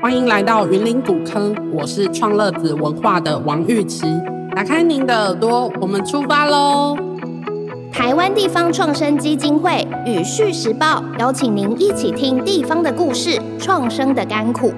歡迎來到雲林古坑，我是創樂子文化的王毓琦。打開您的耳朵，我們出發嘍！台灣地方創生基金會與《旭時報》邀請您一起聽地方的故事，創生的甘苦。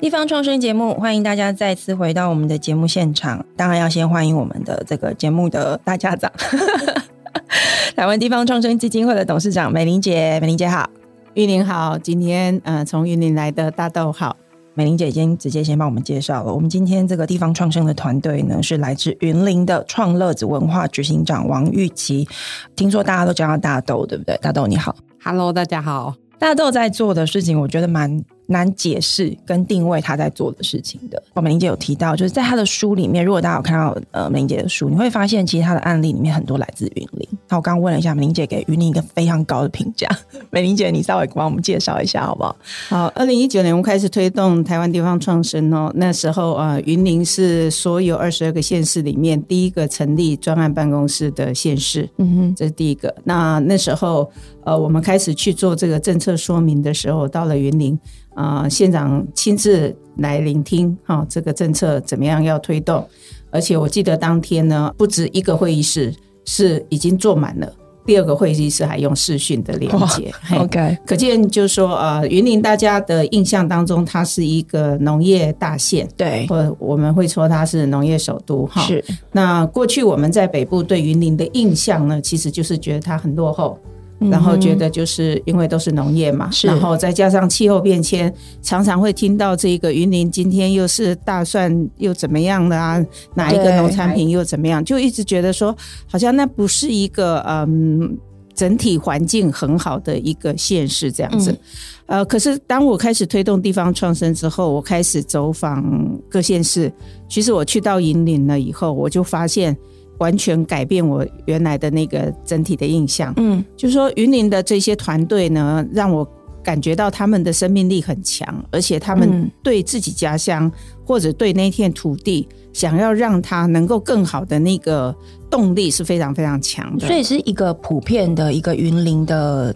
地方創生節目，歡迎大家再次回到我們的節目現場。當然要先歡迎我們的這個節目的大家長—— 台灣地方創生基金會的董事長美伶姐。美伶姐好。雲林好，今天呃，從雲林來的大豆好，美伶姐已經直接先幫我們介紹了。我們今天這個地方創生的團隊呢，是來自雲林的創樂子文化執行長王毓琦，聽說大家都叫他大豆，對不對？大豆你好，Hello，大家好，大豆在做的事情，我覺得蠻。難解釋跟定位他在做的事情的。我們美伶姐有提到，就是在她的書裡面，如果大家有看到呃，美伶姐的書，你會發現其實她的案例裡面很多來自雲林。那我剛剛問了一下，美伶姐給雲林一個非常高的評價。美伶姐，你稍微幫我們介紹一下好不好？好，二零一九年我們開始推動台灣地方創生哦、喔，那時候呃，雲林是所有二十二個縣市裡面第一個成立專案辦公室的縣市，嗯哼，這是第一個。那那時候呃，我們開始去做這個政策說明的時候，到了雲林。啊、呃，縣長親自來聆聽齁，這個政策怎麼樣要推動？而且我記得當天呢，不止一個會議室是已經坐滿了，第二個會議室還用視訊的連結。Oh, OK，可見就是說，呃，雲林大家的印象當中，它是一個農業大縣，對，或我們會說它是農業首都齁。是。那過去我們在北部對雲林的印象呢，其實就是覺得它很落後。然後覺得就是因為都是農業嘛，是。然後再加上氣候變遷，常常會聽到這一個雲林今天又是大蒜又怎麼樣的啊？哪一個農產品又怎麼樣？就一直覺得說，好像那不是一個嗯整體環境很好的一個縣市這樣子。嗯。呃，可是當我開始推動地方創生之後，我開始走訪各縣市。其實我去到雲林了以後，我就發現。完全改變我原來的那個整體的印象，嗯，就是說雲林的這些團隊呢，讓我感覺到他們的生命力很強，而且他們對自己家鄉、嗯、或者對那一片土地，想要讓它能夠更好的那個動力是非常非常強的，所以是一個普遍的一個雲林的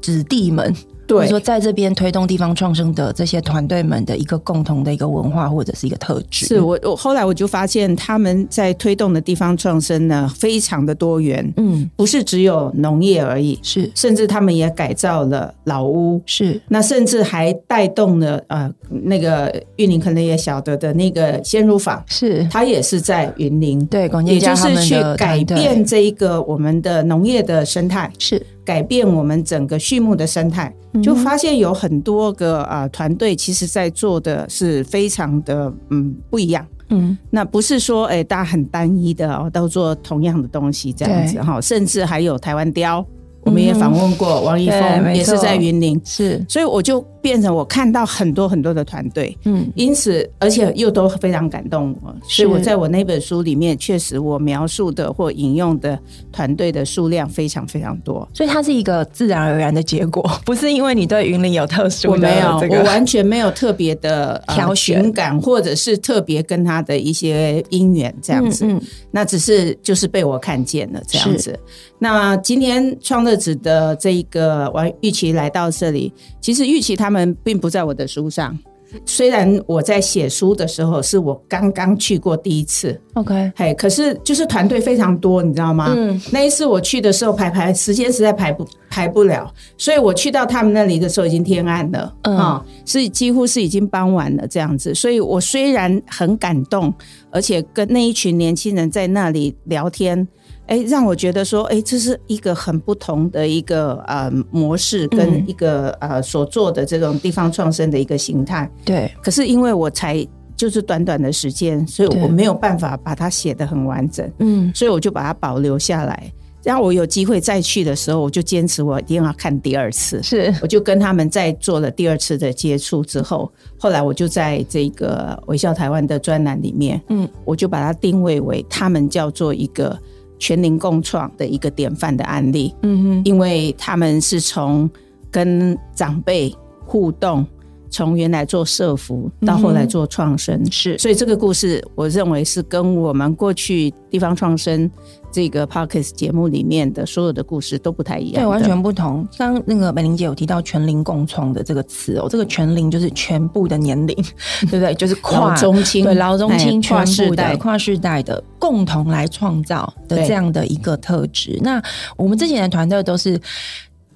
子弟們，或者、就是、說，在這邊推動地方創生的這些團隊們的一個共同的一個文化或者是一個特質，是，我我後來我就發現他們在推動的地方創生呢，非常的多元，嗯，不是只有農業而已，是，甚至他們也改造了老屋，是，那甚至還帶動了呃，那個雲林可能也曉得的那個鮮乳坊，是，他也是在雲林，對，對，也就是去改變這一個我們的農業的生態，是。改變我們整個畜牧的生態，就發現有很多個啊團隊，呃、其實在做的是非常的嗯不一樣，嗯，那不是說哎、欸、大家很單一的哦，都做同樣的東西這樣子哈，甚至還有台灣鯛，我們也訪問過、嗯、王一峰，也是在雲林，是，所以我就。變成我看到很多很多的團隊，嗯，因此而且又都非常感動我，所以我在我那本書裡面確實我描述的或引用的團隊的數量非常非常多，所以它是一個自然而然的結果，不是因為你對雲林有特殊，我沒有，我完全沒有特別的挑選、呃、感，或者是特別跟他的一些因緣這樣子嗯嗯，那只是就是被我看見了這樣子。那今天創樂子的這一個王毓琦來到這裡，其實毓琦他們。他們並不在我的書上，雖然我在寫書的時候，是我剛剛去過第一次。OK，嘿，可是就是團隊非常多，你知道嗎？嗯，那一次我去的時候排排時間實在排不排不了，所以我去到他們那裡的時候已經天暗了，啊、嗯哦，是幾乎是已經傍晚了這樣子。所以我雖然很感動，而且跟那一群年輕人在那裡聊天。哎、欸，讓我覺得說，哎、欸，這是一個很不同的一個呃模式跟一個、嗯、呃所做的這種地方創生的一個形態。對。可是因為我才就是短短的時間，所以我沒有辦法把它寫得很完整。嗯。所以我就把它保留下來。然、嗯、後我有機會再去的時候，我就堅持我一定要看第二次。是。我就跟他們在做了第二次的接觸之後，後來我就在這個《微笑台灣》的專欄裡面，嗯，我就把它定位為他們叫做一個。全民共創的一個典範的案例，嗯哼，因為他們是從跟長輩互動，從原來做社福到後來做創生、嗯，是，所以這個故事，我認為是跟我們過去地方創生。這個 podcast 節目裡面的所有的故事都不太一樣，對，完全不同。剛剛那個美伶姐有提到“全齡共創”的這個詞哦，這個“全齡”就是全部的年齡，對 不對？就是跨 中青、老中青、跨世代、跨世代的共同來創造的這樣的一個特質。那我們之前的團隊都是。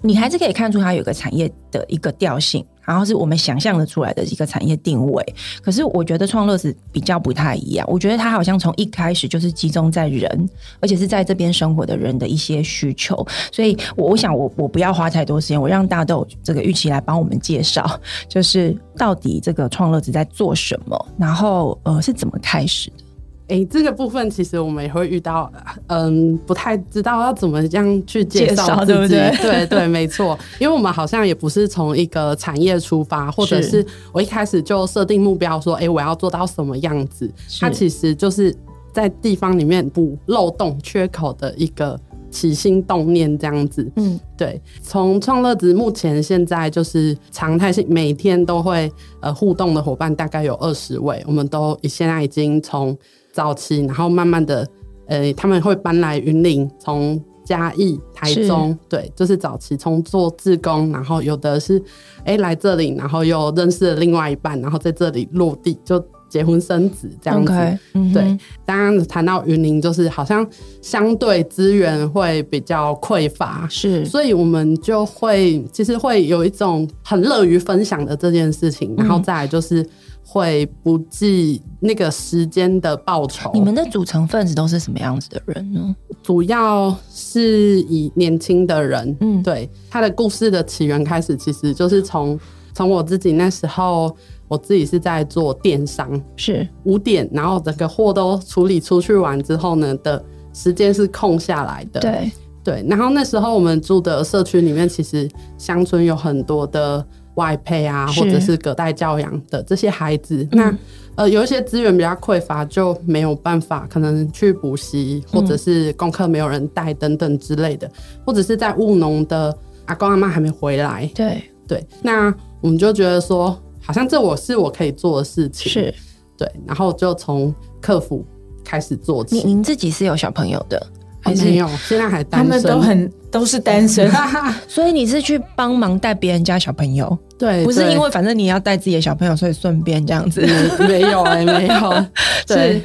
你還是可以看出它有個產業的一個調性，然後是我們想象的出來的一個產業定位。可是我覺得創樂子比較不太一樣，我覺得它好像從一開始就是集中在人，而且是在這邊生活的人的一些需求。所以我，我我想我我不要花太多時間，我讓大家這個毓琦來幫我們介紹，就是到底這個創樂子在做什麼，然後呃是怎麼開始的。誒、欸，這個部分其實我們也會遇到，嗯，不太知道要怎麼樣去介紹，對不對？對對， 沒錯，因為我們好像也不是從一個產業出發，或者是我一開始就設定目標說，哎、欸，我要做到什麼樣子？它其實就是在地方裡面補漏洞、缺口的一個起心動念這樣子。嗯，對。從創樂子目前現在就是常態性每天都會呃互動的伙伴大概有二十位，我們都現在已經從早期，然後慢慢的，呃、欸，他們會搬來雲林，從嘉義、台中，對，就是早期從做志工，然後有的是，哎、欸，來這裡，然後又認識了另外一半，然後在這裡落地，就結婚生子這樣子。Okay, mm -hmm. 對，當然談到雲林，就是好像相對資源會比較匱乏，是，所以我們就會其實會有一種很樂於分享的這件事情，然後再來就是。嗯會不計那個時間的報酬。你們的組成分子都是什麼樣子的人呢？主要是以年輕的人，嗯，對。他的故事的起源開始，其實就是從從我自己那時候，我自己是在做電商，是五點，然後整個貨都處理出去完之後呢，的時間是空下來的，對對。然後那時候我們住的社區裡面，其實鄉村有很多的。外配啊，或者是隔代教養的這些孩子，嗯、那呃有一些資源比較匱乏，就沒有辦法可能去補習，或者是功課沒有人帶等等之類的，嗯、或者是在務農的阿公阿媽還沒回來，對對，那我們就覺得說，好像這我是我可以做的事情，是，對，然後就從客服開始做起。你自己是有小朋友的？還哦、沒有，現在還單身，他們都很都是單身， 所以你是去幫忙帶別人家小朋友？ 對，不是因為反正你要帶自己的小朋友，所以順便這樣子。沒有、欸，沒有，對，是，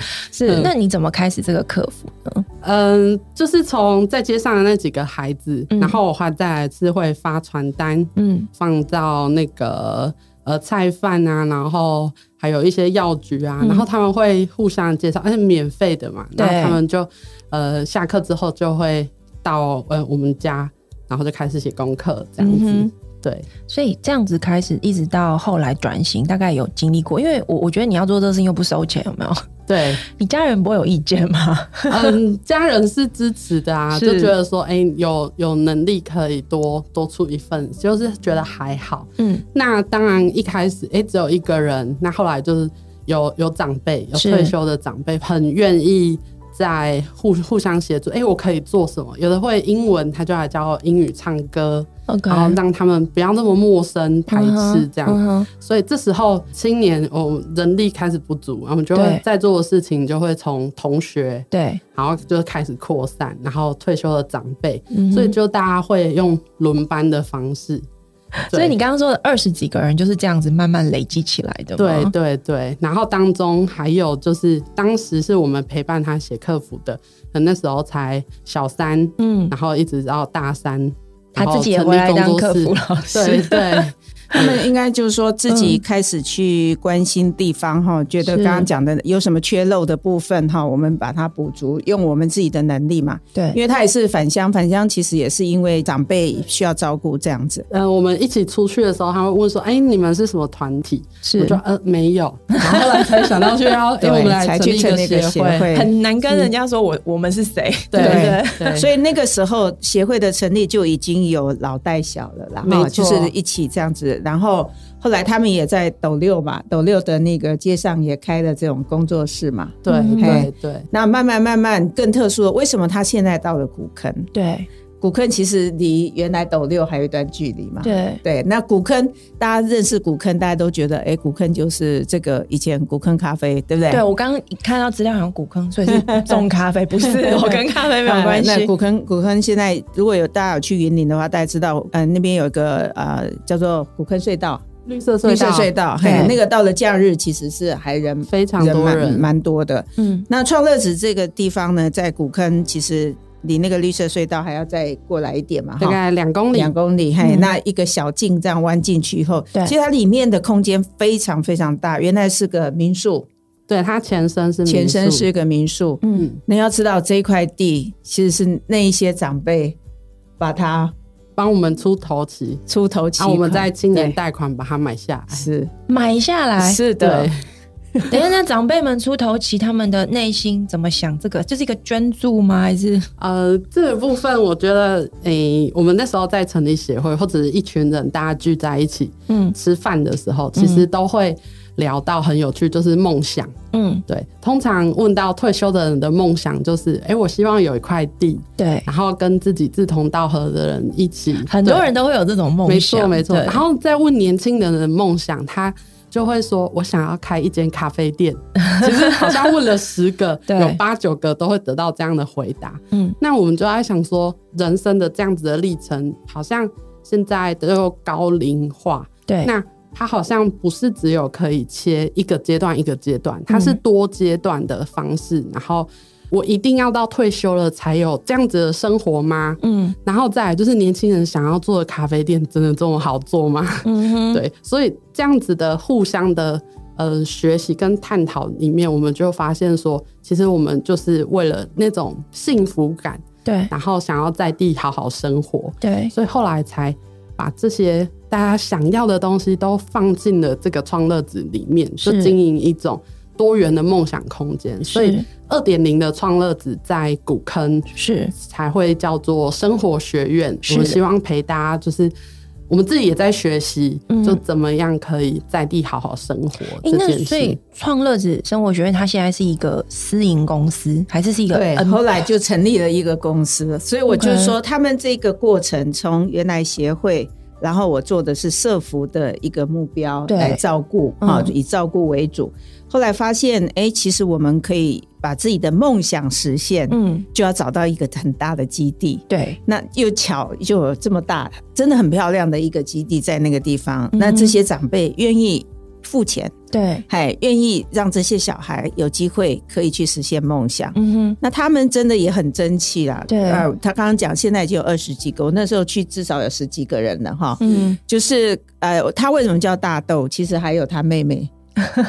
是、嗯。那你怎麼開始這個課輔呢？嗯，就是從在街上的那幾個孩子，嗯、然後我還再來是會發傳單，嗯，放到那個呃菜販啊，然後還有一些藥局啊、嗯，然後他們會互相介紹，而且免費的嘛，對，然後他們就。呃，下課之後就會到呃、欸、我們家，然後就開始寫功課這樣子、嗯。對，所以這樣子開始，一直到後來轉型，大概有經歷過，因為我我覺得你要做這個事情又不收錢，有沒有？對，你家人不會有意見嗎？嗯， 家人是支持的啊，就覺得說，哎、欸，有有能力可以多多出一份，就是覺得還好。嗯，那當然一開始，哎、欸，只有一個人，那後來就是有有長輩，有退休的長輩很願意。在互互相協助，哎、欸，我可以做什麼？有的會英文，他就來教英語、唱歌，Okay. 然後讓他們不要那麼陌生、uh -huh. 排斥這樣。Uh -huh. 所以這時候，青年哦，人力開始不足，然後我們就會在做的事情就會從同學，對，然後就開始擴散，然後退休的長輩，uh -huh. 所以就大家會用輪班的方式。所以你剛剛說的二十幾個人就是這樣子慢慢累積起來的，對對對。然後當中還有就是，當時是我們陪伴他寫課輔的，可那時候才小三，嗯，然後一直到大三，他自己也回來當課輔老師了，對對。 他們應該就是說自己開始去關心地方哈、嗯，覺得剛剛講的有什麼缺漏的部分哈，我們把它補足，用我們自己的能力嘛。對，因為他也是返鄉，返鄉其實也是因為長輩需要照顧這樣子。嗯，我們一起出去的時候，他會問說：“哎、欸，你們是什麼團體？”是，我說：“呃，沒有。 ”然後來才想到就要，因為、欸、我們來才去成立那個協會，很難跟人家說我我們是誰。對對對，所以那個時候協會的成立就已經有老帶小了啦，沒錯，就是一起這樣子。然後後來他們也在斗六嘛，斗六的那個街上也開了這種工作室嘛。對、嗯、對對。那慢慢慢慢更特殊了，為什麼他現在到了古坑？對。古坑其實離原來斗六還有一段距離嘛。對對，那古坑大家認識古坑，大家都覺得哎、欸，古坑就是這個以前古坑咖啡，對不對？對，我剛剛看到資料，好像古坑所以是種咖啡， 不是 我跟咖啡沒有關係。古坑古坑現在如果有大家有去雲林的話，大家知道嗯、呃、那邊有一個呃叫做古坑隧道，綠色隧道綠色隧道，嘿，那個到了假日其實是還人非常多人蠻多的。嗯，那創樂子這個地方呢，在古坑其實。離那個綠色隧道還要再過來一點嘛？大概兩公里，兩公里。嘿，嗯、那一個小徑這樣彎進去以後，對，其實它裡面的空間非常非常大。原來是個民宿，對，它前身是民宿，前身是一個民宿。嗯，你要知道這一塊地其實是那一些長輩把它幫我們出頭期，出頭期，啊、我們在青年貸款把它買下來，是買下來，是的。 等一下，長輩們出頭期他們的內心怎麼想？這個就是一個捐助嗎？還是呃，這個部分我覺得，誒、欸，我們那時候在成立協會或者是一群人大家聚在一起，嗯，吃飯的時候、嗯，其實都會聊到很有趣，就是夢想。嗯，對，通常問到退休的人的夢想，就是哎、欸，我希望有一塊地，對，然後跟自己志同道合的人一起，很多人都會有這種夢想，沒錯，沒錯。然後再問年輕人的夢想，他。就會說，我想要開一間咖啡店。 其實好像問了十個 對，有八九個都會得到這樣的回答。嗯，那我們就在想說，人生的這樣子的歷程，好像現在都有高齡化。對，那它好像不是只有可以切一個階段一個階段，它是多階段的方式，嗯、然後。我一定要到退休了才有這樣子的生活嗎？嗯，然後再來就是年輕人想要做的咖啡店，真的這麼好做嗎？嗯哼，對，所以這樣子的互相的呃學習跟探討裡面，我們就發現說，其實我們就是為了那種幸福感，對，然後想要在地好好生活，對，所以後來才把這些大家想要的東西都放進了這個創樂子裡面，就經營一種。多元的夢想空間，所以二點零的創樂子在古坑是才會叫做生活學院。我們希望陪大家，就是我們自己也在學習，就怎麼樣可以在地好好生活這件事。欸、那所以創樂子生活學院，它現在是一個私營公司，還是是一個？對，後來就成立了一個公司。所以我就說，他們這個過程從原來協會，然後我做的是社福的一個目標來照顧啊、嗯，以照顧為主。後來發現，哎、欸，其實我們可以把自己的夢想實現，嗯，就要找到一個很大的基地，對。那又巧，又這麼大，真的很漂亮的一個基地在那個地方。嗯、那這些長輩願意付錢，對，還願意讓這些小孩有機會可以去實現夢想，嗯哼。那他們真的也很爭氣啦，對。他剛剛講，現在就有二十幾個，我那時候去至少有十幾個人了。哈，嗯。就是呃，他為什麼叫大豆？其實還有他妹妹。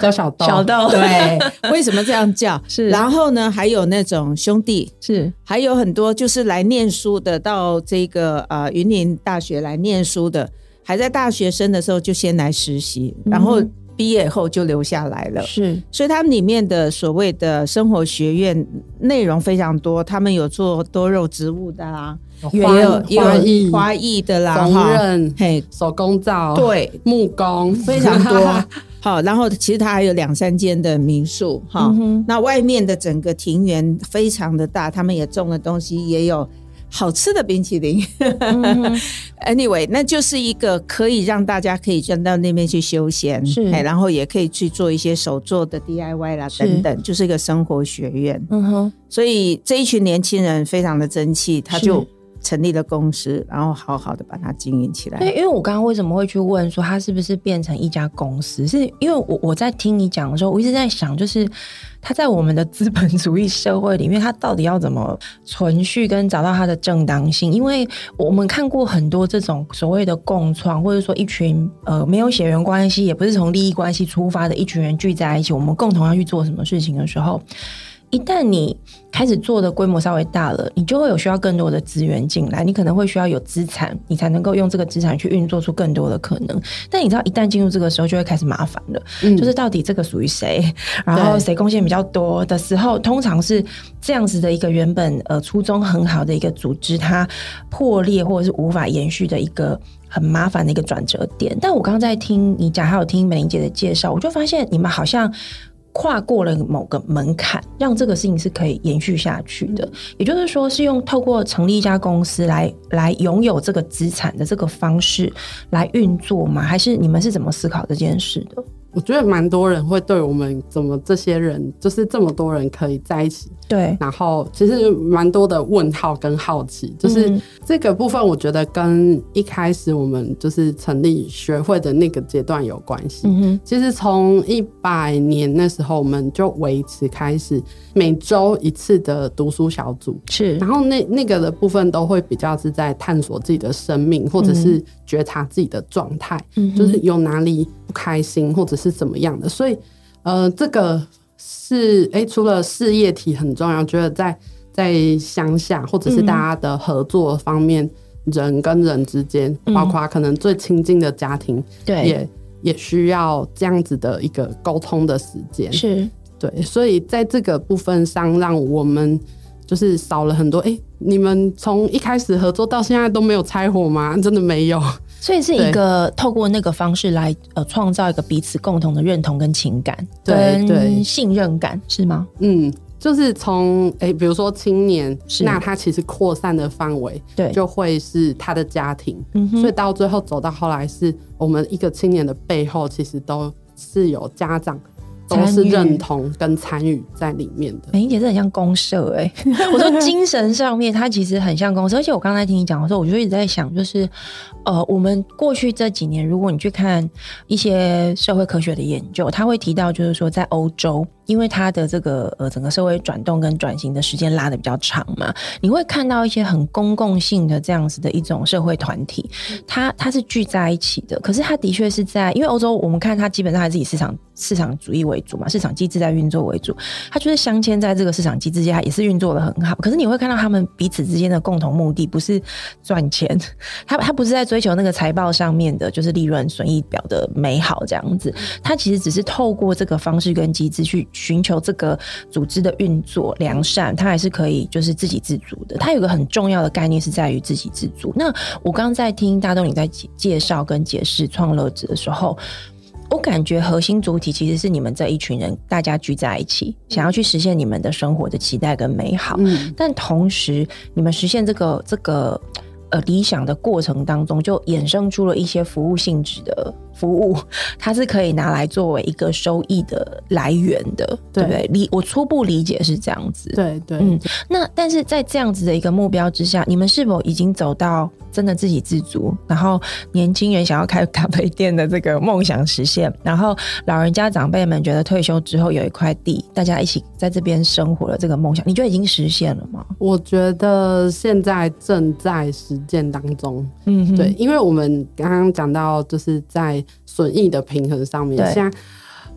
叫小豆，小豆對， 為什麼這樣叫？是，然後呢，還有那種兄弟是，還有很多就是來念書的，到這個呃雲林大學來念書的，還在大學生的時候就先來實習、嗯，然後畢業後就留下來了。是，所以他們裡面的所謂的生活學院內容非常多，他們有做多肉植物的啦、啊，花藝、花藝的啦，哈嘿，手工皂對，木工非常多。 好，然後其實它還有兩三間的民宿，哈、嗯，那外面的整個庭園非常的大，他們也種了東西，也有好吃的冰淇淋。嗯、 Anyway，那就是一個可以讓大家可以到那邊去休閒，是，然後也可以去做一些手作的 DIY 啦等等，就是一個生活學院。嗯哼，所以這一群年輕人非常的爭氣，他就是。成立了公司，然後好好的把它經營起來。對，因為我剛剛為什麼會去問說它是不是變成一家公司？是因為我我在聽你講的時候，我一直在想，就是它在我們的資本主義社會裡面，它到底要怎麼存續跟找到它的正當性？因為我們看過很多這種所謂的共創，或者說一群呃沒有血緣關係，也不是從利益關係出發的一群人聚在一起，我們共同要去做什麼事情的時候。一旦你開始做的規模稍微大了，你就會有需要更多的資源進來，你可能會需要有資產，你才能夠用這個資產去運作出更多的可能。但你知道，一旦進入這個時候，就會開始麻煩了，嗯。就是到底這個屬於誰，然後誰貢獻比較多的時候，通常是這樣子的一個原本呃初衷很好的一個組織，它破裂或者是無法延續的一個很麻煩的一個轉折點。但我剛剛在聽你講，還有聽美伶姐的介紹，我就發現你們好像。跨過了某個門檻，讓這個事情是可以延續下去的。也就是說，是用透過成立一家公司來來擁有這個資產的這個方式來運作嗎？還是你們是怎麼思考這件事的？我覺得蠻多人會對我們怎麼這些人，就是這麼多人可以在一起。對，然後其實蠻多的問號跟好奇，就是這個部分，我覺得跟一開始我們就是成立學會的那個階段有關係。嗯，其實從一百年那時候，我們就維持開始每周一次的讀書小組，是，然後那那個的部分都會比較是在探索自己的生命，或者是覺察自己的狀態，嗯，就是有哪裡不開心或者是怎麼樣的，所以呃，這個。是哎、欸，除了事業體很重要，覺得在在鄉下或者是大家的合作方面，嗯、人跟人之間，包括可能最親近的家庭，嗯、也對，也也需要這樣子的一個溝通的時間。是，對，所以在這個部分上，讓我們就是少了很多。哎、欸，你們從一開始合作到現在都沒有拆夥嗎？真的沒有。所以是一個透過那個方式來呃創造一個彼此共同的認同跟情感，跟信任感對對，是嗎？嗯，就是從誒、欸，比如說青年，是那他其實擴散的範圍對，就會是他的家庭，所以到最後走到後來是我們一個青年的背後，其實都是有家長。都是認同跟參與在裡面的，美伶姐，是很像公社哎、欸，我說精神上面 它其實很像公社，而且我剛才聽你講的時候，我就一直在想，就是呃，我們過去這幾年，如果你去看一些社會科學的研究，他會提到，就是說在歐洲。因為它的這個呃，整個社會轉動跟轉型的時間拉得比較長嘛，你會看到一些很公共性的這樣子的一種社會團體，它它是聚在一起的，可是它的確是在因為歐洲，我們看它基本上還是以市場市場主義為主嘛，市場機制在運作為主，它就是鑲嵌在這個市場機制下也是運作得很好。可是你會看到他們彼此之間的共同目的不是賺錢，他他不是在追求那個財報上面的就是利潤損益表的美好這樣子，他其實只是透過這個方式跟機制去。尋求這個組織的運作良善，它還是可以就是自給自足的。它有一個很重要的概念是在於自給自足。那我剛剛在聽大東你在介紹跟解釋創樂子的時候，我感覺核心主體其實是你們這一群人，大家聚在一起，想要去實現你們的生活的期待跟美好。嗯、但同時，你們實現這個這個呃理想，的過程當中，就衍生出了一些服務性質的。服務它是可以拿來作為一個收益的來源的，對,對不對？理我初步理解是這樣子，對對,對。嗯，那但是在這樣子的一個目標之下，你們是否已經走到真的自給自足？然後年輕人想要開咖啡店的這個夢想實現，然後老人家長輩們覺得退休之後有一塊地，大家一起在這邊生活了這個夢想，你覺得已經實現了嗎？我覺得現在正在實踐當中。嗯，對，因為我們剛剛講到就是在。損益的平衡上面，現在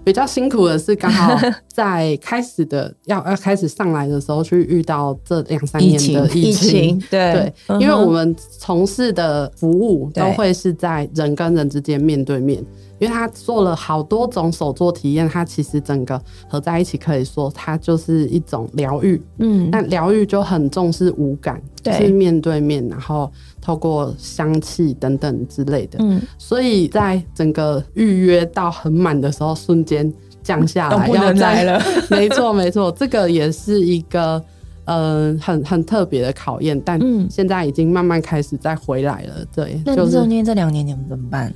比較辛苦的是，剛好在開始的要 要開始上來的時候，去遇到這兩三年的疫情，疫情，疫情對，對，因為我們從事的服務都會是在人跟人之間面對面對，因為他做了好多種手作體驗，它其實整個合在一起，可以說它就是一種療癒。嗯，那療癒就很重視五感，對，就是面對面，然後。透過香氣，等等之類的，嗯，所以在整個預約到很滿的時候，瞬間降下來，要摘了，沒錯沒錯， 這個也是一個嗯、呃、很很特別的考驗，但現在已經慢慢開始再回來了，嗯、對。那中間這兩年你們怎麼辦？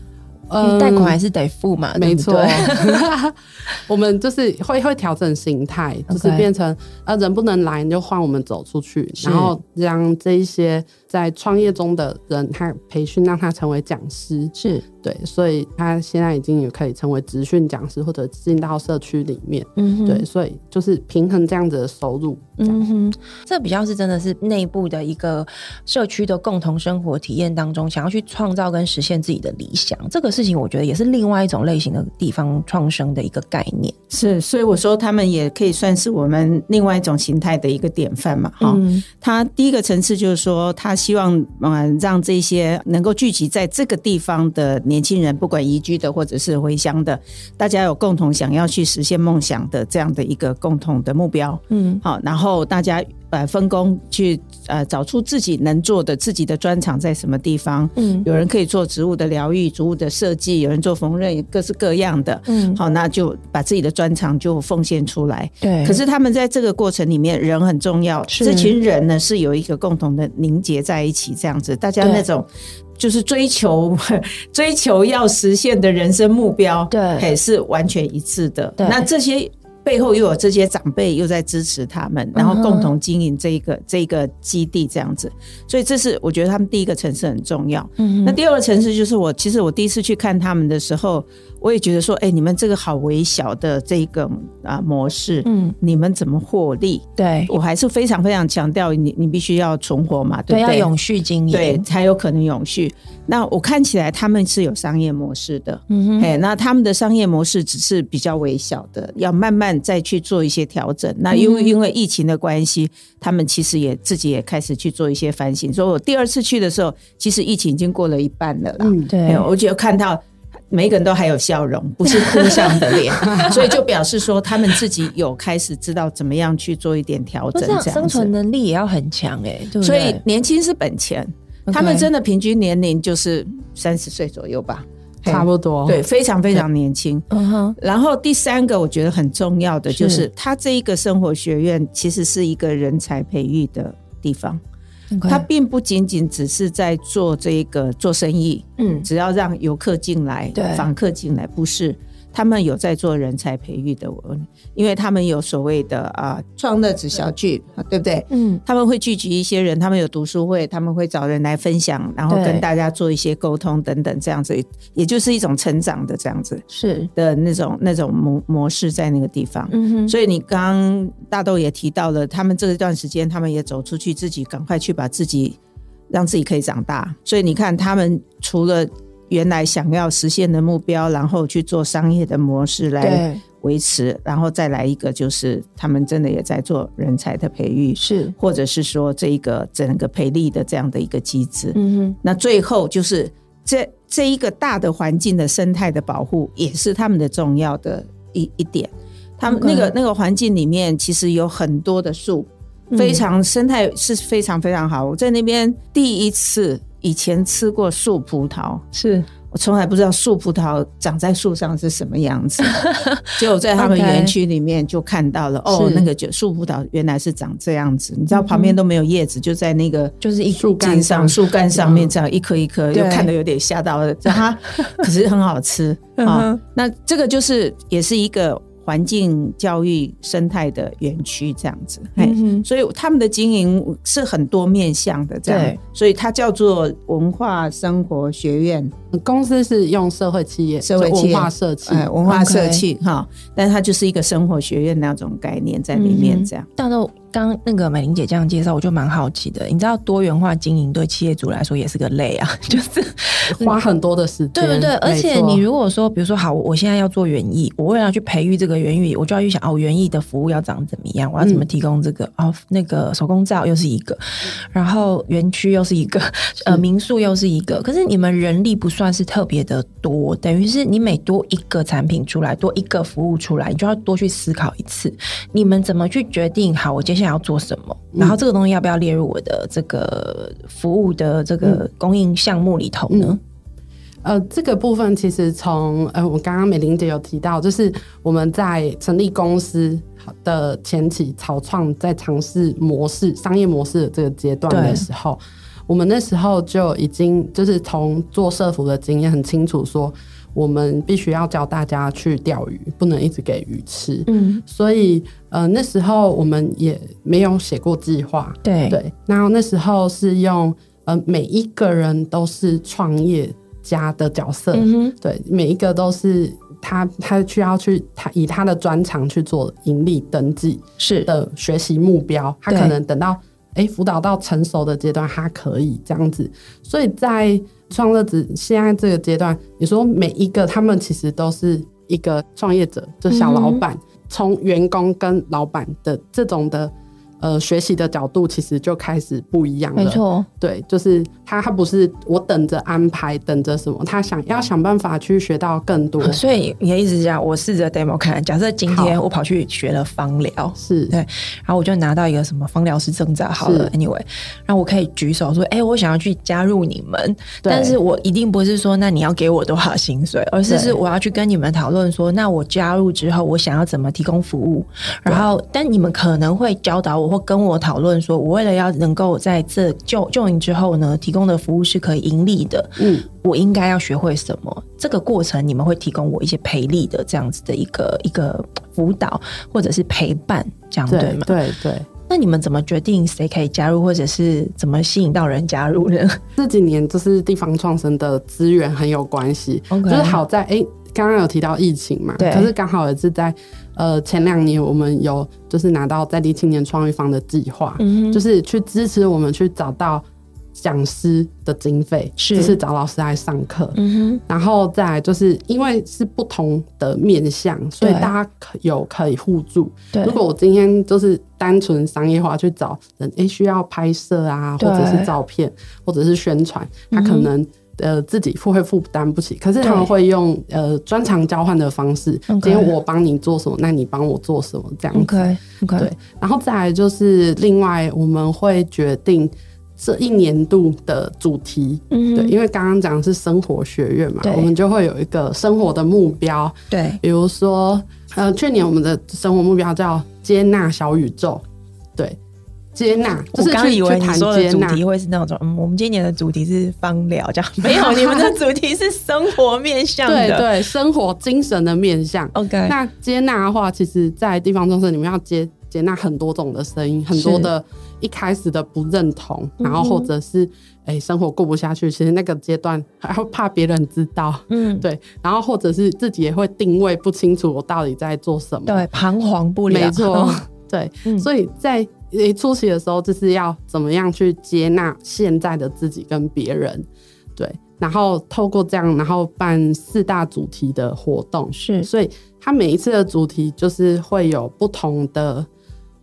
呃、嗯，貸款還是得付嘛，嗯、沒錯。 我們就是會會調整形態，okay. 就是變成啊、呃，人不能來，你就換我們走出去，然後將這一些。在創業中的人，他培訓讓他成為講師，是，對，所以他現在已經也可以成為職訓講師，或者進到社區裡面，嗯，對，所以就是平衡這樣子的收入，嗯哼，這比較是真的是內部的一個社區的共同生活體驗當中，想要去創造跟實現自己的理想，這個事情我覺得也是另外一種類型的地方創生的一個概念，是，所以我說他們也可以算是我們另外一種形態的一個典範嘛，哈、嗯，他第一個層次就是說他是希望嗯，讓這些能夠聚集在這個地方的年輕人，不管移居的或者是回鄉的，大家有共同想要去實現夢想的這樣的一個共同的目標。嗯，好，然後大家。來分工去呃，找出自己能做的，自己的專長在什麼地方。嗯，有人可以做植物的療癒、植物的設計，有人做縫紉，各式各樣的。嗯，好，那就把自己的專長就奉獻出來。對。可是他們在這個過程裡面，人很重要。是。這群人呢，是有一個共同的凝結在一起，這樣子，大家那種就是追求追求要實現的人生目標，對，還是完全一致的。那這些。背後又有這些長輩又在支持他們，然後共同經營這一個、uh -huh. 這一個基地這樣子，所以這是我覺得他們第一個城市很重要。Uh -huh. 那第二個城市就是我其實我第一次去看他們的時候。我也覺得說，哎、欸，你們這個好微小的這個啊模式，嗯，你們怎麼獲利？對，我還是非常非常強調，你你必須要存活嘛對不對？對，要永續經營，對，才有可能永續。那我看起來他們是有商業模式的，嗯哼，哎，那他們的商業模式只是比較微小的，要慢慢再去做一些調整。那因為、嗯、因為疫情的關係，他們其實也自己也開始去做一些反省。所以我第二次去的時候，其實疫情已經過了一半了啦，對、嗯欸，我覺得看到。嗯每個人都還有笑容，不是哭喪的臉， 所以就表示說他們自己有開始知道怎麼樣去做一點調整。這樣生存能力也要很強。哎、欸，所以年輕是本錢。Okay. 他們真的平均年齡就是三十歲左右吧，hey, 差不多，對，非常非常年輕。Okay. 然後第三個我覺得很重要的就是、是，他這一個生活學院其實是一個人才培育的地方。他並不僅僅只是在做這個做生意，嗯，只要讓遊客進來，對，訪客進來，不是，他們有在做人才培育的因為他們有所謂的啊創樂子小聚，對不對，對，對，對，對？嗯，他們會聚集一些人，他們有讀書會，他們會找人來分享，然後跟大家做一些溝通等等，這樣子也就是一種成長的這樣子是的那種那種模模式在那個地方。嗯哼。所以你剛剛大豆也提到了，他們這段時間他們也走出去，自己趕快去把自己讓自己可以長大。所以你看，他們除了原來想要實現的目標，然後去做商業的模式來。維持，然後再來一個，就是他們真的也在做人才的培育，是，或者是說這一個整個培力的這樣的一個機制。嗯哼，那最後就是這這一個大的環境的生態的保護，也是他們的重要的一一點。他們那個、嗯、那個環境裡面其實有很多的樹，非常生態是非常非常好。我在那邊第一次以前吃過樹葡萄，是。我從來不知道樹葡萄長在樹上是什麼樣子，結 果在他們園區裡面就看到了。Okay. 哦，那個就樹葡萄原來是長這樣子。你知道旁邊都沒有葉子、嗯，就在那個就是一樹幹上，樹幹上面這樣、嗯、一顆一顆，又看得有點嚇到了。它、啊、可是很好吃 啊。那這個就是也是一個。環境教育生態的園區這樣子、嗯，所以他們的經營是很多面向的，這樣，所以它叫做文化生活學院公司，是用社會企業、社會文化社企，哎，文化社企哈、okay，但它就是一個生活學院那種概念在裡面這樣。嗯剛那個美伶姐這樣介紹，我就蠻好奇的。你知道多元化經營對企業主來說也是個累啊，就是，是花很多的時間。對對對，而且你如果說，比如說好，我現在要做園藝，我為了要去培育這個園藝，我就要預想哦，園藝的服務要長怎麼樣？我要怎麼提供這個？嗯、哦，那個手工皂又是一個，然後園區又是一個是，呃，民宿又是一個。可是你們人力不算是特別的多，等於是你每多一個產品出來，多一個服務出來，你就要多去思考一次，你們怎麼去決定？好，我接下。要做什麼？然後這個東西要不要列入我的這個服務的這個供應項目裡頭呢？嗯嗯，呃，這個部分其實從呃，我剛剛美伶姐有提到，就是我們在成立公司的前期草創，在嘗試模式商業模式的這個階段的時候，我們那時候就已經就是從做社服的經驗很清楚說。我們必須要教大家去釣魚，不能一直給魚吃。嗯，所以呃，那時候我們也沒有寫過計劃。對對，然後那時候是用呃，每一個人都是創業家的角色。嗯哼，對，每一個都是他，他需要去他以他的專長去做營利登記是的學習目標，他可能等到。哎，輔導到成熟的階段還可以這樣子，所以在創樂子現在這個階段，你說每一個他們其實都是一個創業者，就小老闆，從、嗯、員工跟老闆的這種的。呃，學習的角度其實就開始不一樣了。沒錯，對，就是他，他不是我等着安排，等着什麼，他想要想辦法去學到更多。所以你的意思是講，我試着 demo 看，假設今天我跑去學了芳療，是對，然後我就拿到一個什麼芳療師證照，好了，anyway，然後我可以舉手說，哎、欸，我想要去加入你們，但是我一定不是說，那你要給我多少薪水，而是是我要去跟你們討論說，那我加入之後，我想要怎麼提供服務，然後，但你們可能會教導我。跟我討論說，我為了要能夠在這救救營之後呢，提供的服務是可以盈利的。嗯，我應該要學會什麼？這個過程，你們會提供我一些培力的這樣子的一個一個輔導，或者是陪伴，這樣對，對嗎？對對。那你們怎麼決定誰可以加入，或者是怎麼吸引到人加入呢？這幾年就是地方創生的資源很有關係，okay. 就是好在誒，剛、欸、剛有提到疫情嘛，對，可、就是剛好也是在。呃，前兩年我們有就是拿到在地青年創育坊的計劃，嗯，就是去支持我們去找到講師的經費，是就是找老師來上課，嗯。然後再來就是因為是不同的面向，所以大家可有可以互助。如果我今天就是單純商業化去找人，哎，需要拍攝啊，或者是照片，或者是宣傳，嗯、他可能。呃，自己付費負擔不起，可是他們會用呃專長交換的方式，okay. 今天我幫你做什麼，那你幫我做什麼這樣子，okay. Okay. 對。然後再來就是另外我們會決定這一年度的主題，嗯、對，因為剛剛講的是生活學院嘛對，我們就會有一個生活的目標，對，比如說呃去年我們的生活目標叫接納小宇宙，對。接納、嗯就是，我剛以為你說的主題會是那種，是那種、嗯、我們今年的主題是芳療，這樣沒有， 你們的主題是生活面向的， 對，對，生活精神的面向。OK，那接納的話，其實，在地方中是你們要接接納很多種的聲音，很多的一開始的不認同，然後或者是、嗯欸、生活過不下去，其實那個階段還會怕別人知道，嗯，對，然後或者是自己也會定位不清楚我到底在做什麼，對，彷徨不了，沒錯。哦 對、嗯，所以在初期的時候，就是要怎麼樣去接納現在的自己跟別人，對。然後透過這樣，然後辦四大主題的活動，是。所以他每一次的主題就是會有不同的，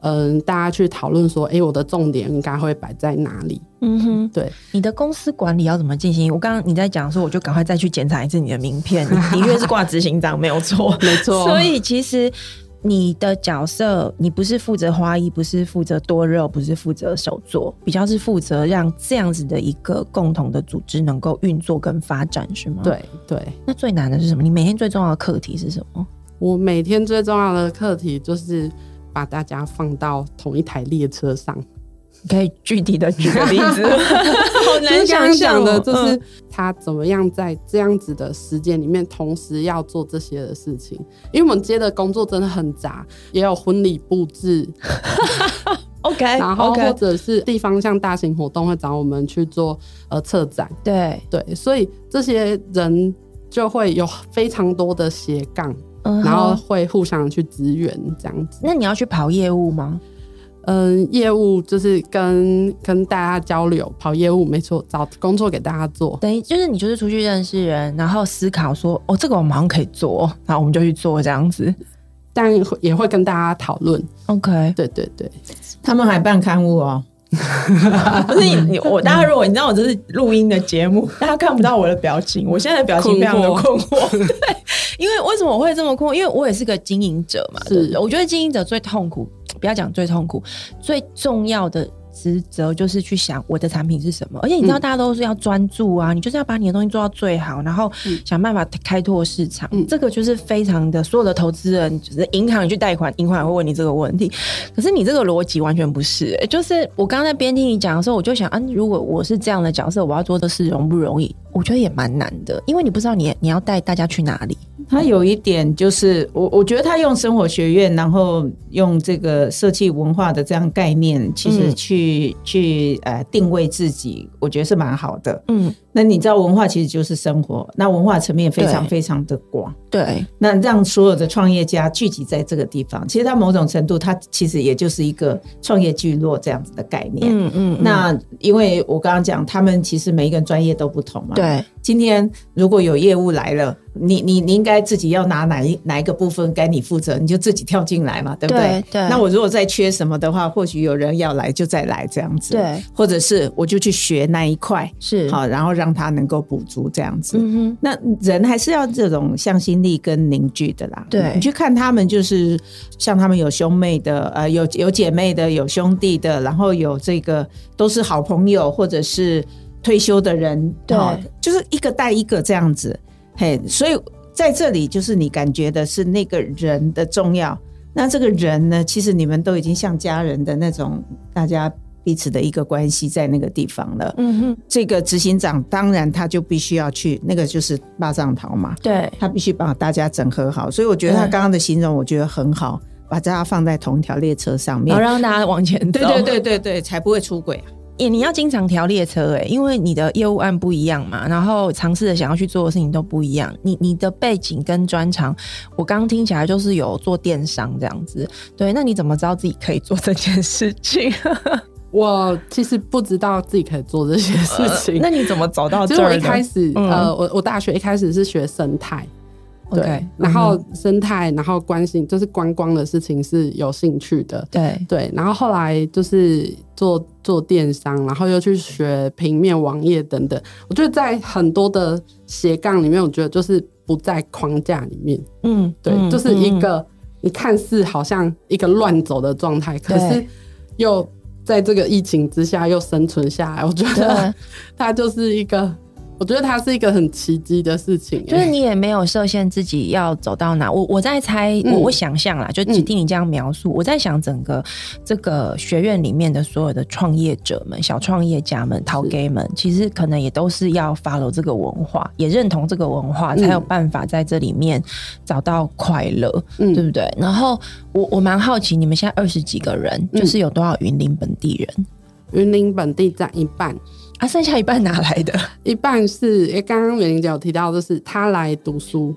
嗯、呃，大家去討論說，哎，我的重點應該會擺在哪裡？嗯哼，對。你的公司管理要怎麼進行？我剛剛你在講的時候，我就趕快再去檢查一次你的名片，你，你越是掛執行長 沒有錯，沒錯。所以其實。你的角色，你不是負責花藝，不是負責多肉，不是負責手作，比較是負責讓這樣子的一個共同的組織能夠運作跟發展，是嗎？對，對。那最難的是什麼？你每天最重要的課題是什麼？我每天最重要的課題就是把大家放到同一台列車上。可以具體的舉個例子，好 難想象的就是他怎麼樣在這樣子的時間裡面，同時要做這些的事情。因為我們接的工作真的很雜，也有婚禮布置 okay,，OK，然後或者是地方像大型活動會找我們去做呃策展，對對，所以這些人就會有非常多的斜槓，嗯，然後會互相去支援這樣子。那你要去跑業務嗎？嗯，業務就是跟跟大家交流，跑業務沒錯，找工作給大家做，等於就是你就是出去認識人，然後思考說，哦，這個我們馬上可以做，然後我們就去做這樣子，但也會跟大家討論。OK，對對對，他們還辦刊物哦。 不是你， 你我大家，如果你知道我這是錄音的節目， 大家看不到我的表情，我現在的表情非常的困惑。 對，因為為什麼我會這麼困惑？因為我也是個經營者嘛，是，對，我覺得經營者最痛苦，不要講最痛苦，最重要的。職責就是去想我的產品是什麼，而且你知道大家都是要專注啊、嗯，你就是要把你的東西做到最好，然後想辦法開拓市場。嗯、這個就是非常的，所有的投資人就是銀行，你去貸款，銀行也會問你這個問題。可是你這個邏輯完全不是、欸，就是我剛在編輯剛剛在邊聽你講的時候，我就想啊，如果我是這樣的角色，我要做的事容不容易？我覺得也蠻難的，因為你不知道你你要帶大家去哪裡。他有一點就是，我我覺得他用生活學院，然後用這個設計文化的這樣概念，其實去、嗯、去呃定位自己，我覺得是蠻好的。嗯。那你知道文化其實就是生活，那文化層面非常非常的廣。對，那讓所有的創業家聚集在這個地方，其實它某種程度，它其實也就是一個創業聚落這樣子的概念。嗯嗯，嗯。那因為我剛剛講，他們其實每一個人專業都不同嘛。對。今天如果有業務來了，你你你應該自己要拿哪一哪一個部分該你負責，你就自己跳進來嘛，對不對，對？對。那我如果再缺什麼的話，或許有人要來就再來這樣子。對。或者是我就去學那一塊，是。好，然後。讓他能夠補足這樣子。嗯，那人還是要這種向心力跟凝聚的啦。對。你去看他們，就是像他們有兄妹的，呃，有有姐妹的，有兄弟的，然後有這個都是好朋友，或者是退休的人，對。哦、就是一個帶一個這樣子。嘿、Hey，所以在這裡就是你感覺的是那個人的重要。那這個人呢，其實你們都已經像家人的那種，大家。彼此的一個關係在那個地方了。嗯哼，這個執行長當然他就必須要去，那個就是巴掌桃嘛。對，他必須把大家整合好。所以我覺得他剛剛的形容，我覺得很好，把大家放在同一條列車上面，哦，讓大家往前走。對對對對對，才不會出軌啊！你，欸、你要經常調列車哎，欸，因為你的業務案不一樣嘛，然後嘗試著想要去做的事情都不一樣。你你的背景跟專長，我剛聽起來就是有做電商這樣子。對，那你怎麼知道自己可以做這件事情？ 我其實不知道自己可以做這些事情。呃、那你怎麼找到這？就是我一開始，嗯、呃，我我大學一開始是學生態，okay, 對，然後生態、嗯，然後關心就是觀光的事情是有興趣的，對對。然後後來就是做做電商，然後又去學平面、網頁等等。我覺得在很多的斜槓裡面，我覺得就是不在框架裡面，嗯，對，嗯、就是一個你看似好像一個亂走的狀態，可是又。在這個疫情之下又生存下來，我覺得他、啊、就是一個。我覺得它是一個很奇蹟的事情，就是你也沒有設限自己要走到哪。我我在猜，嗯、我我想象啦，就只聽你這樣描述，嗯，我在想整個這個學院裡面的所有的創業者們、小創業家們、淘 g a 們，其實可能也都是要 follow 這個文化，也認同這個文化，嗯、才有辦法在這裡面找到快樂，嗯，對不對？然後我我蠻好奇，你們現在二十幾個人，嗯、就是有多少雲林本地人？雲林本地占一半。啊，剩下一半哪來的？一半是欸，剛剛美伶姐有提到，就是他來讀書。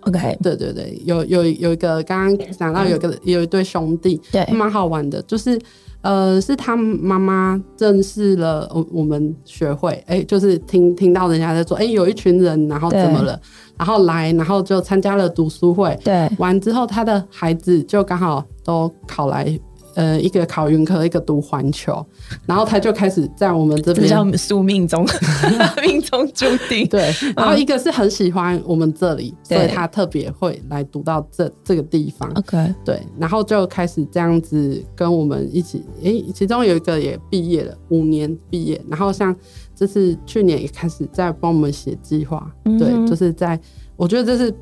OK，對對對，有有有一個剛剛講到，有一個，剛剛有，一個、嗯、有一對兄弟，對，蠻好玩的，就是呃，是他媽媽認識了我我們學會，哎、欸，就是聽聽到人家在說，哎、欸，有一群人，然後怎麼了，然後來，然後就參加了讀書會，對，完之後他的孩子就剛好都考來。呃，一個考雲科，一個讀環球，然後他就開始在我們這邊，叫宿命中， 命中注定。對，然後一個是很喜歡我們這裡，嗯、所以他特別會來讀到這這個地方。OK，對，然後就開始這樣子跟我們一起。誒、欸，其中有一個也畢業了，五年畢業，然後像這是去年也開始在幫我們寫計劃。對，就是在我覺得這是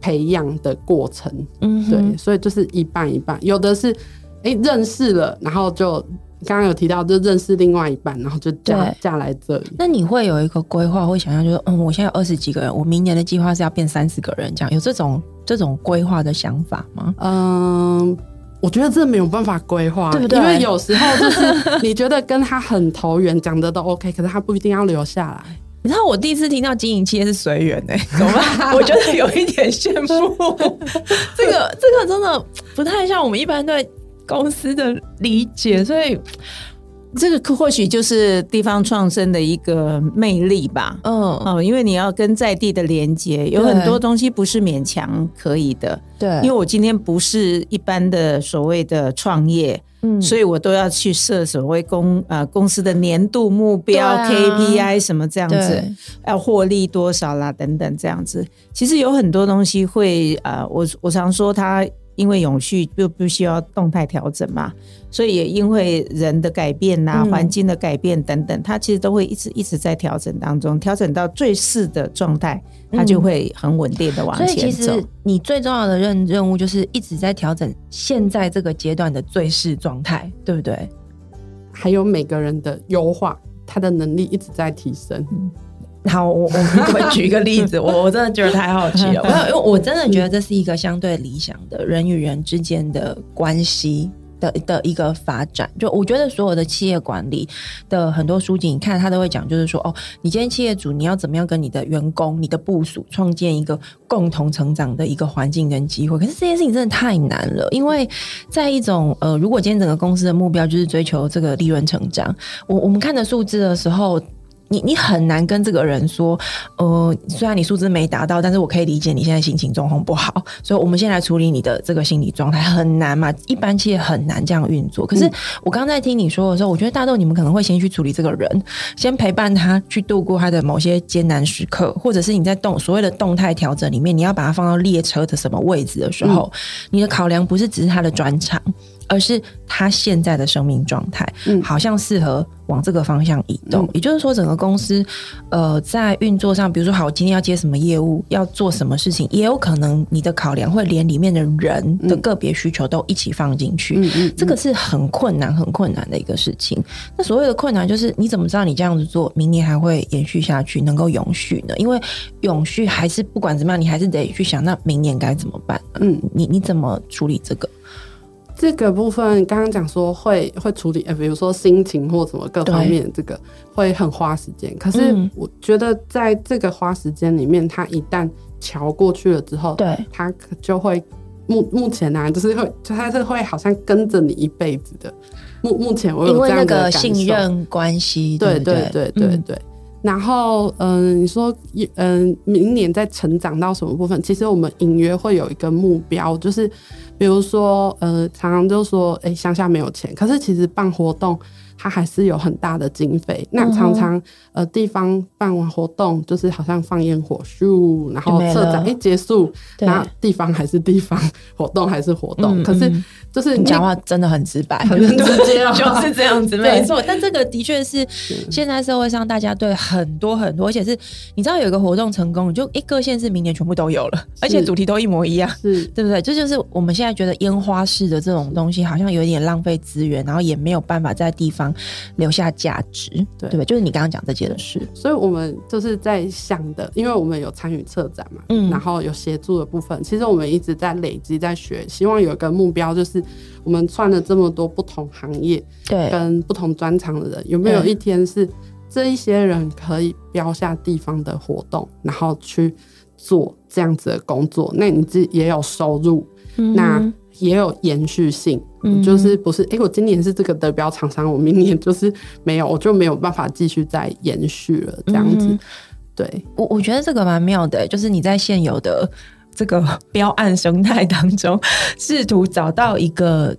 培養的過程。嗯，對，所以就是一半一半，有的是。哎、欸，認識了，然後就剛剛有提到，就認識另外一半，然後就嫁嫁來這裡。那你會有一個規劃，會想象就是，嗯，我現在有二十幾個人，我明年的計劃是要變三十個人，這樣有這種這種規劃的想法嗎？嗯，我覺得這沒有辦法規劃，對不對？因為有時候就是你覺得跟他很投緣，講 的都 OK，可是他不一定要留下來。你知道我第一次聽到經營企業是隨緣哎， 我覺得有一點羨慕。 這個這個真的不太像我們一般在。公司的理解，所以這個或許就是地方創生的一個魅力吧。嗯，哦，因為你要跟在地的連接，有很多東西不是勉強可以的。對，因為我今天不是一般的所謂的創業，嗯，所以我都要去設所謂公呃公司的年度目標、啊、KPI 什麼這樣子，要獲利多少啦等等這樣子。其實有很多東西會啊、呃，我我常說他。因為永續就不需要動態調整嘛，所以也因為人的改變吶、啊、嗯、環境的改變等等，它其實都會一直一直在調整當中，調整到最適的狀態，它就會很穩定的往前走。嗯、所以其實你最重要的任任務就是一直在調整現在這個階段的最適狀態，對不對？還有每個人的優化，他的能力一直在提升。嗯好，我我我舉一個例子。 我我真的覺得太好奇了，沒有，因為我真的覺得這是一個相對理想的人與人之間的關係的的一個發展。就我覺得所有的企業管理的很多書籍，你看他都會講，就是說哦，你今天企業主你要怎麼樣跟你的員工、你的部屬創建一個共同成長的一個環境跟機會。可是這件事情真的太難了，因為在一種呃，如果今天整個公司的目標就是追求這個利潤成長，我我們看的數字的時候。你你很難跟這個人說，呃，雖然你素質沒達到，但是我可以理解你現在心情狀況不好，所以我們先來處理你的這個心理狀態，很難嘛，一般其實很難這樣運作。可是我剛在聽你說的時候，我覺得大豆你們可能會先去處理這個人，先陪伴他去度過他的某些艱難時刻，或者是你在動所謂的動態調整裡面，你要把它放到列車的什麼位置的時候，嗯、你的考量不是只是他的專長。而是他現在的生命狀態，好像適合往這個方向移動。嗯，也就是說，整個公司，呃，在運作上，比如說，好，我今天要接什麼業務，要做什麼事情，也有可能你的考量會連裡面的人的個別需求都一起放進去。嗯。這個是很困難、很困難的一個事情。那所謂的困難，就是你怎麼知道你這樣子做，明年還會延續下去，能夠永續呢？因為永續還是不管怎麼樣，你還是得去想，那明年該怎麼辦？嗯，你你怎麼處理這個？這個部分剛剛講說會會處理、呃，比如說心情或什麼各方面，這個會很花時間。可是我覺得，在這個花時間裡面，嗯、它一旦橋過去了之後，對，它就會目目前呢、啊，就是會它是會好像跟着你一輩子的。目目前我有這樣的因為那個信任關係，對對，對對對對，對、嗯。然後，嗯、呃，你說，嗯、呃，明年再成長到什麼部分？其實我們隱約會有一個目標，就是，比如說，呃，常常就說，哎，鄉下沒有錢，可是其實辦活動。它還是有很大的經費。那常常呃，地方辦完活動，就是好像放煙火秀，然後策展一結束，那地方還是地方活動還是活動。嗯嗯、可是就是你講話真的很直白，很直接、喔， 就是這樣子，沒錯。但這個的確是現在社會上大家對很多很多，而且是你知道有一個活動成功，你就一個縣市明年全部都有了，而且主題都一模一樣，是是對不對？這就，就是我們現在覺得煙花式的這種東西，好像有點浪費資源，然後也沒有辦法在地方。留下價值，對對，就是你剛剛講這些的事。所以我們就是在想的，因為我們有參與策展嘛，嗯，然後有協助的部分，其實我們一直在累積，在學，希望有一個目標，就是我們串了這麼多不同行業，對，跟不同專長的人，有沒有一天是這一些人可以標下地方的活動，然後去做這樣子的工作，那你自己也有收入，嗯，那。也有延續性，嗯、就是不是？哎、欸，我今年是這個得標廠商，我明年就是沒有，我就沒有辦法繼續再延續了這樣子。嗯、對，我我覺得這個蠻妙的，就是你在現有的這個標案生態當中，試圖找到一個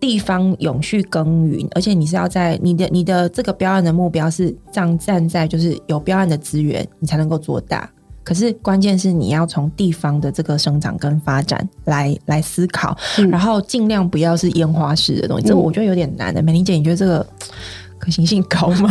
地方永續耕耘，而且你是要在你的你的這個標案的目標是這樣站在就是有標案的資源，你才能夠做大。可是，關鍵是你要從地方的這個生長跟發展來來思考，嗯、然後尽量不要是煙花式的東西，嗯、這個、我覺得有點難的、欸。美伶姐，你覺得這個可行性高嗎？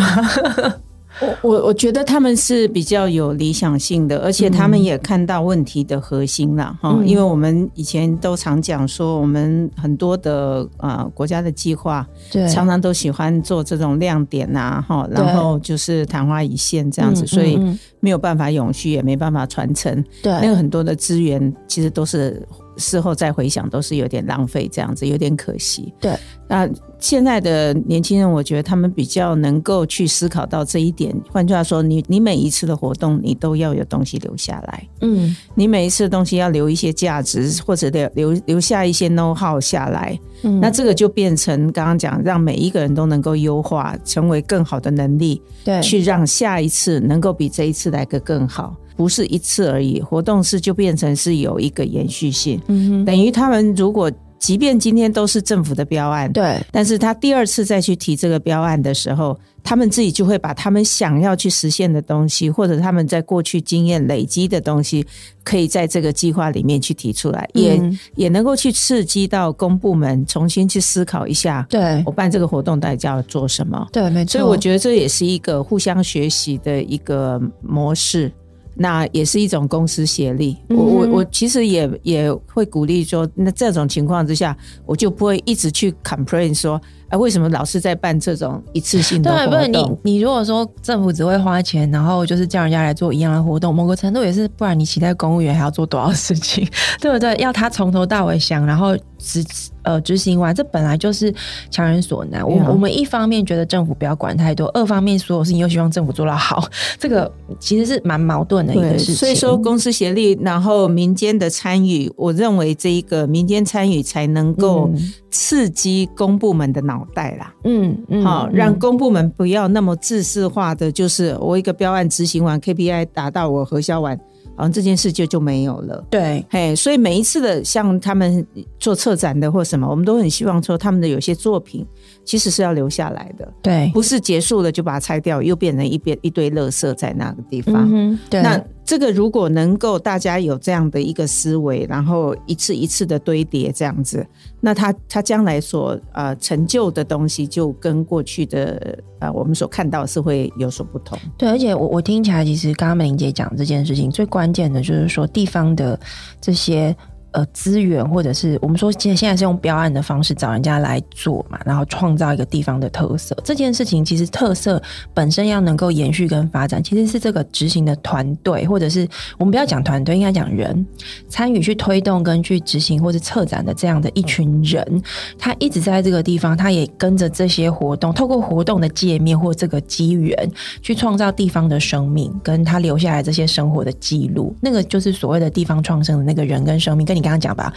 嗯 我我我覺得他們是比較有理想性的，而且他們也看到問題的核心了哈、嗯。因為我們以前都常講說，我們很多的呃國家的計劃，對，常常都喜歡做這種亮點吶、啊、哈，然後就是曇花一現這樣子，所以沒有辦法永續，也沒辦法傳承。對，那個很多的資源其實都是。事後再回想，都是有點浪費，這樣子有點可惜。對，那現在的年輕人，我覺得他們比較能夠去思考到這一點。換句話說你，你你每一次的活動，你都要有東西留下來。嗯，你每一次東西要留一些價值，或者留留留下一些 know how 下來。嗯，那這個就變成剛剛講，讓每一個人都能夠優化，成為更好的能力，對，去讓下一次能夠比這一次來個更好。不是一次而已，活動是就變成是有一個延續性。嗯哼，等於他們如果即便今天都是政府的標案，對，但是他第二次再去提這個標案的時候，他們自己就會把他們想要去實現的東西，或者他們在過去經驗累積的東西，可以在這個計劃裡面去提出來，嗯、也也能夠去刺激到公部門重新去思考一下。對，我辦這個活動到底要做什麼？對，沒錯。所以我覺得這也是一個互相學習的一個模式。那也是一種公司協力，我我我其實也也會鼓勵說，那這種情況之下，我就不會一直去 complain 說。啊，為什麼老是在辦這種一次性的活動？對，不然你你如果說政府只會花錢，然後就是叫人家來做一樣的活動，某個程度也是，不然你期待公務員還要做多少事情，對不對？要他從頭到尾想，然後執呃執行完，這本來就是強人所難。嗯啊、我我們一方面覺得政府不要管太多，二方面所有事情又希望政府做到好，這個其實是蠻矛盾的一個事情。所以說，公私協力，然後民間的參與，我認為這一個民間參與才能夠、嗯。刺激公部門的腦袋啦，嗯，好、嗯哦嗯，讓公部門不要那麼制式化的，就是我一個標案執行完 KPI 達到我核銷完，好像這件事就就沒有了。對，嘿，所以每一次的像他們做策展的或什麼，我們都很希望說他們的有些作品其實是要留下來的，對，不是結束了就把它拆掉，又變成一邊一堆垃圾在那個地方，嗯、對那。這個如果能夠大家有這樣的一個思維，然後一次一次的堆疊這樣子，那他他將來所呃成就的東西就跟過去的呃我們所看到是會有所不同。對，而且我我聽起來，其實剛剛美伶姐講這件事情，最關鍵的就是說地方的這些。呃，資源或者是我們說，現在是用標案的方式找人家來做嘛，然後創造一個地方的特色。這件事情其實特色本身要能夠延續跟發展，其實是這個執行的團隊，或者是我們不要講團隊，應該講人參與去推動跟去執行或者策展的這樣的一群人，他一直在這個地方，他也跟着這些活動，透過活動的界面或這個機緣，去創造地方的生命，跟他留下來這些生活的記錄，那個就是所謂的地方創生的那個人跟生命，跟你。這樣講吧，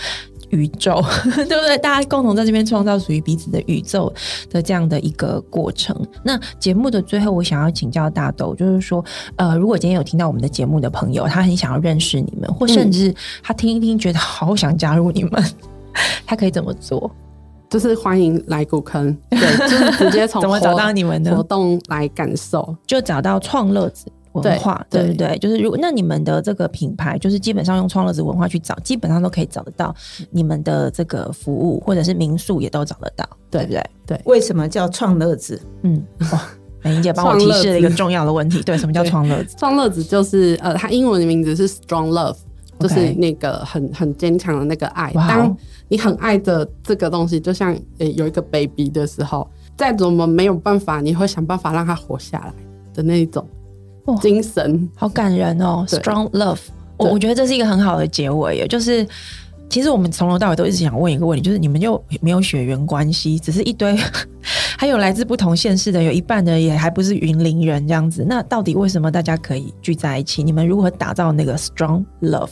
宇宙，對不對？大家共同在這邊創造屬於彼此的宇宙的這樣的一個過程。那節目的最後，我想要請教大豆，就是說，呃，如果今天有聽到我們的節目的朋友，他很想要認識你們，或甚至他聽一聽覺得好想加入你們，嗯，他可以怎麼做？就是歡迎來古坑，對，就是直接從怎麼找到你們的活動來感受，就找到創樂子文化對，對不對？就是如果那你們的這個品牌，就是基本上用創樂子文化去找，基本上都可以找得到你們的這個服務，或者是民宿也都找得到，對，對不對？對。為什麼叫創樂子？嗯，嗯哦、美伶姐幫我提示了一個重要的問題，對，什麼叫創樂子？創樂子就是呃，它英文的名字是 Strong Love，就是那個很很堅強的那個愛。Okay. 當你很愛的這個東西，就像呃有一個 baby 的時候，再怎麼沒有辦法，你會想辦法讓他活下來的那一種。精神、哦、好感人哦，Strong Love，我我覺得這是一個很好的結尾耶。就是其實我們從頭到尾都一直想問一個問題，就是你們又沒有血緣關係，只是一堆還有來自不同縣市的，有一半的也還不是雲林人這樣子。那到底為什麼大家可以聚在一起？你們如何打造那個 Strong Love？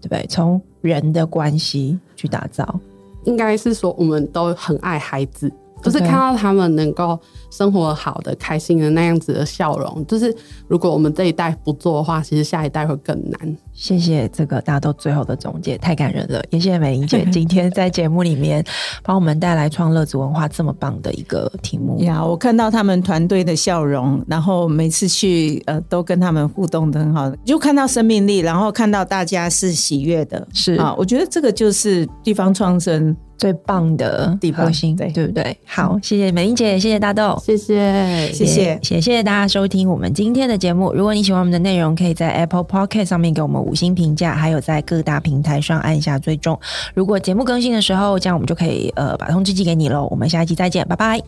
對不對？從人的關係去打造，應該是說我們都很愛孩子。就是看到他們能夠生活好的、Okay. 開心的那樣子的笑容，就是如果我們這一代不做的話，其實下一代會更難。謝謝這個大豆最後的總結，太感人了！也謝謝美伶姐， 今天在節目裡面幫我們帶來創樂子文化這麼棒的一個題目呀！Yeah, 我看到他們團隊的笑容，然後每次去呃都跟他們互動的很好，就看到生命力，然後看到大家是喜悅的，是啊，我覺得這個就是地方創生最棒的地方性，對，對不對？ 好，謝謝美伶姐，謝謝大豆， 謝謝謝謝，也謝謝大家收聽我們今天的節目。如果你喜歡我們的內容，可以在 Apple Podcast 上面給我們。五星評價，還有在各大平台上按下追蹤。如果節目更新的時候，這樣我們就可以呃把通知寄給你嘍。我們下一期再見，拜拜。